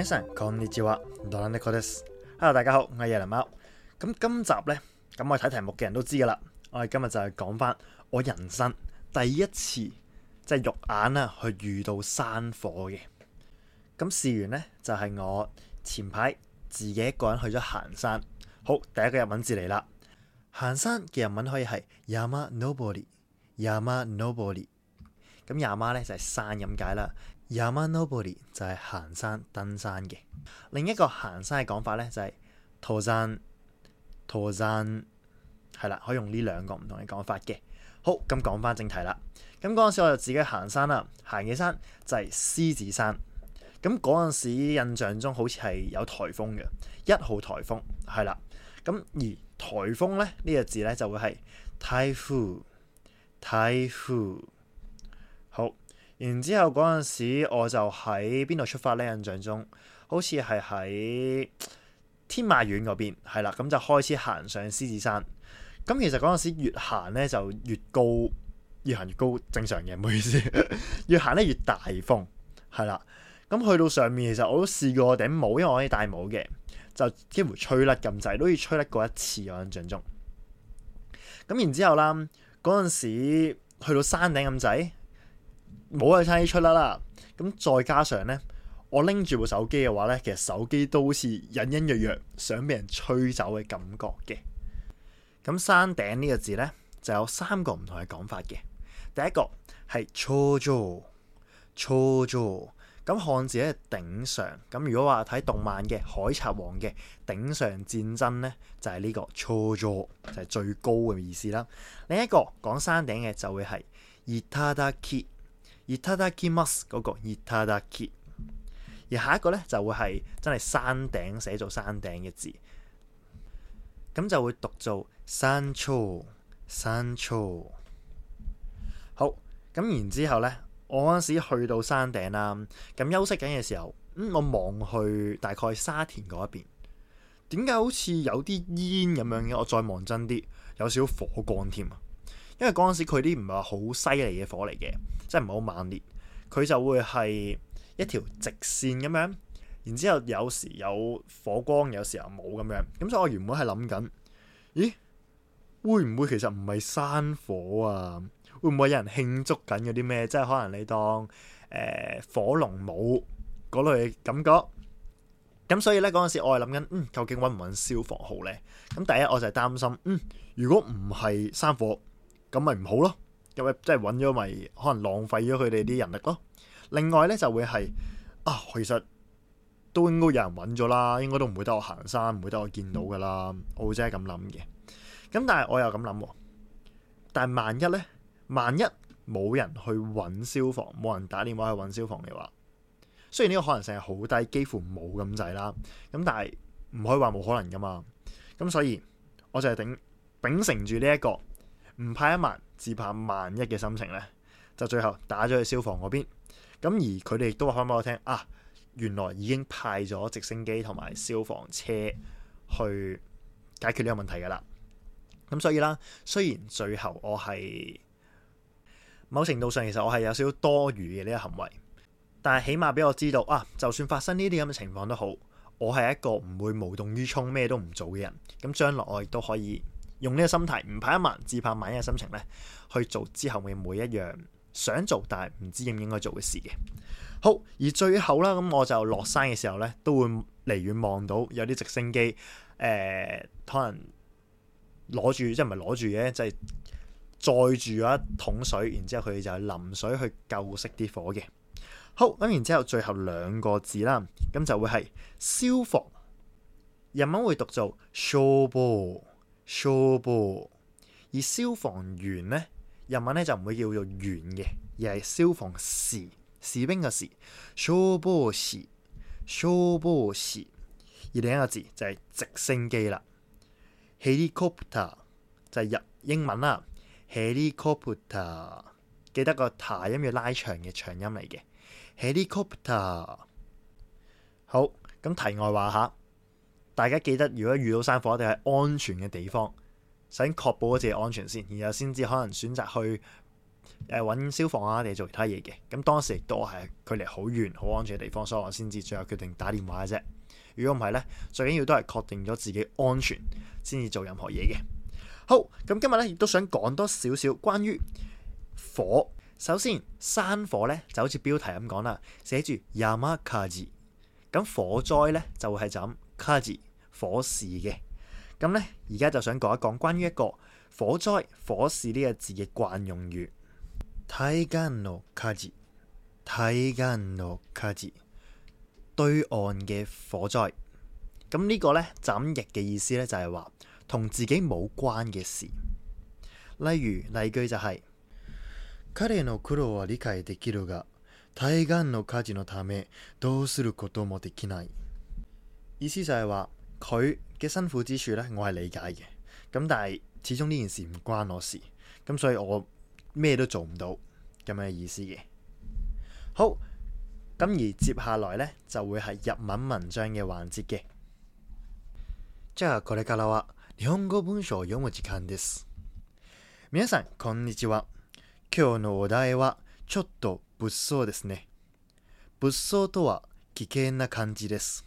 講 Hello 大家好，我係野良貓。咁今集呢，咁我睇題目嘅人都知噶啦。我哋今日就係講翻我人生第一次即係肉眼啦去遇到山火嘅。咁事緣呢，就係、是、我前排自己一個人去咗行山。好，第一個日文字嚟啦，行山嘅日文可以係 Yama nobori Yama nobori 咁 Yama 咧，就係山咁解啦。Yamanobori 就係行山登山嘅，另一個行山嘅講法咧就係、是、徒山、徒山，係啦，可以用呢兩個唔同嘅講法嘅。好，咁講翻正題啦。咁嗰陣時我就自己行山啦，行嘅山就係獅子山。咁嗰陣時印象中好似係有颱風嘅，一號颱風係啦。咁而颱風咧呢、這個字咧就會係颱風、颱風。然之後嗰陣時，我就喺邊度出發呢？印象中好似係喺天馬苑嗰邊，係啦，咁就開始行上獅子山。咁其實嗰陣時越行呢就越高，越行越高，正常嘅，唔好意思。 越行呢越大風，係啦。咁去到上面，其實我都試過頂帽，因為我可以戴帽嘅，就幾乎吹甩咁滯，都要吹甩過一次。我印象中。咁然之後啦，嗰陣時去到山頂咁滯。冇嘅差出啦啦，咁再加上呢，我拎住部手機嘅話呢，其實手機都好似隱隱約約想俾人吹走嘅感覺嘅。咁山頂呢個字呢，就有三個唔同嘅講法嘅。第一個係ちょうじょう、ちょうじょう，咁漢字咧頂上。咁如果話睇動漫嘅《海賊王》嘅頂上戰爭呢，就係、是、呢、這個ちょうじょう就係、是、最高嘅意思啦。另一個講山頂嘅就會係いただき。熱塔達基 mus 嗰個熱塔達基，而下一個呢就會係真係山頂寫做山頂嘅字，咁就會讀做山錯山錯。好，咁然之後呢，我嗰陣時去到山頂啦、啊，咁休息緊嘅時候，咁我望去大概沙田嗰一邊，點解好似有啲煙咁樣嘅？我再望真啲，有少少火光添啊，因為嗰陣時佢啲唔係話好犀利嘅火嚟嘅。即係唔好猛烈，佢就會係一條直線咁樣，然之後有時有火光，有時候冇咁樣。咁所以我原本係諗緊，咦，會唔會其實唔係山火啊？會唔會有人慶祝緊嗰啲咩？即係可能你當誒、呃、火龍舞嗰類感覺。咁所以呢，嗰陣時我係諗緊，嗯，究竟揾唔揾消防號呢？咁第一我就係擔心，嗯，如果唔係山火，咁咪唔好咯。即係揾咗，咪可能浪費咗佢哋啲人力咯。另外呢，就會係啊，其實都應該有人揾咗啦，應該都唔會得我行山，唔會得我見到噶啦。我即係咁諗嘅。咁但係我又咁諗喎。但係萬一呢，萬一冇人去揾消防，冇人打電話去揾消防嘅話，雖然呢個可能性係好低，幾乎冇咁滯啦。咁但係唔可以話冇可能噶嘛。咁所以我就係頂秉承住呢一個。唔怕一萬，只怕萬一嘅心情呢，就最後打咗去消防嗰邊。咁而佢哋亦都話翻俾我聽啊，原來已經派咗直升機同埋消防車去解決呢個問題㗎喇。咁所以啦，雖然最後我係某程度上其實我係有少少多餘嘅呢個行為，但係起碼俾我知道啊，就算發生呢啲咁嘅情況都好，我係一個唔會無動於衷咩都唔做嘅人。咁將來我亦都可以。用呢個心態，唔怕一萬，自怕萬一嘅心情呢，去做之後嘅每一樣想做但係唔知應唔應該做嘅事嘅。好，而最後啦，咁我就落山嘅時候呢，都會離遠望到有啲直升機，誒、呃，可能攞住即係唔係攞住嘅，即係載住咗一桶水，然之後佢就淋水去救熄啲火嘅。好咁，然之後最後兩個字啦，咁就會係消防，日文會讀做 sho bo s 錯噃，而消防員呢，日文呢就唔會叫做員嘅，而係消防士，士兵嘅士，消防士，消防士，防時而另一個字就係直升機啦，helicopter 就係日英文啦，helicopter 記得個塔音要拉長嘅長音嚟嘅，helicopter。好咁題外話下。大家記得，如果遇到山火，一定係安全嘅地方，首先確保自己安全先，然後先至可能選擇去誒揾、呃、消防啊，定做其他嘢嘅。咁當時亦都係距離好遠、好安全嘅地方，所以我先至最後決定打電話嘅啫。如果唔係呢，最緊要都係確定咗自己安全先至做任何嘢嘅。好，咁今日呢，亦都想講多少少關於火。首先，山火呢就好似標題咁講啦，寫住 Yama Kaji，咁火災呢，就會係咁 Kaji。火事嘅，咁咧而家就想講一講關於一個火災、火事呢個字嘅慣用語。対岸の火事，対岸の火事，對岸嘅火災。咁呢個咧，枕譯嘅意思咧就係話同自己冇關嘅事。例如例句就係，彼の苦労は理解できるが、対岸の火事のため、どうすることもできない。意思就係話。佢嘅辛苦之處咧，我係理解嘅。咁但係始終呢件事唔關我事，咁所以我咩都做唔到咁嘅意思嘅。好，咁而接下來咧就會係日文文章嘅環節嘅。じゃあこれからは日本語文章を読む時間です。皆さんこんにちは。今日のお題はちょっと物騒ですね。物騒とは危険な感じです。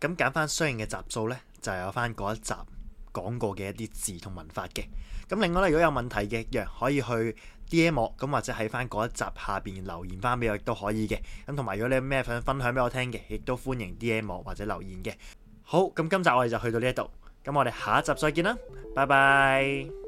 咁揀翻相應嘅集數呢，就有翻嗰一集講過嘅一啲字同文法嘅。咁另外咧，如果有問題嘅話，可以去 D M 我，咁或者喺翻嗰一集下邊留言翻俾我，亦都可以嘅。咁同埋，如果你有咩想分享俾我聽嘅，亦都歡迎 D M 我或者留言嘅。好，咁今集我哋就去到呢一度，咁我哋下一集再見啦，拜拜。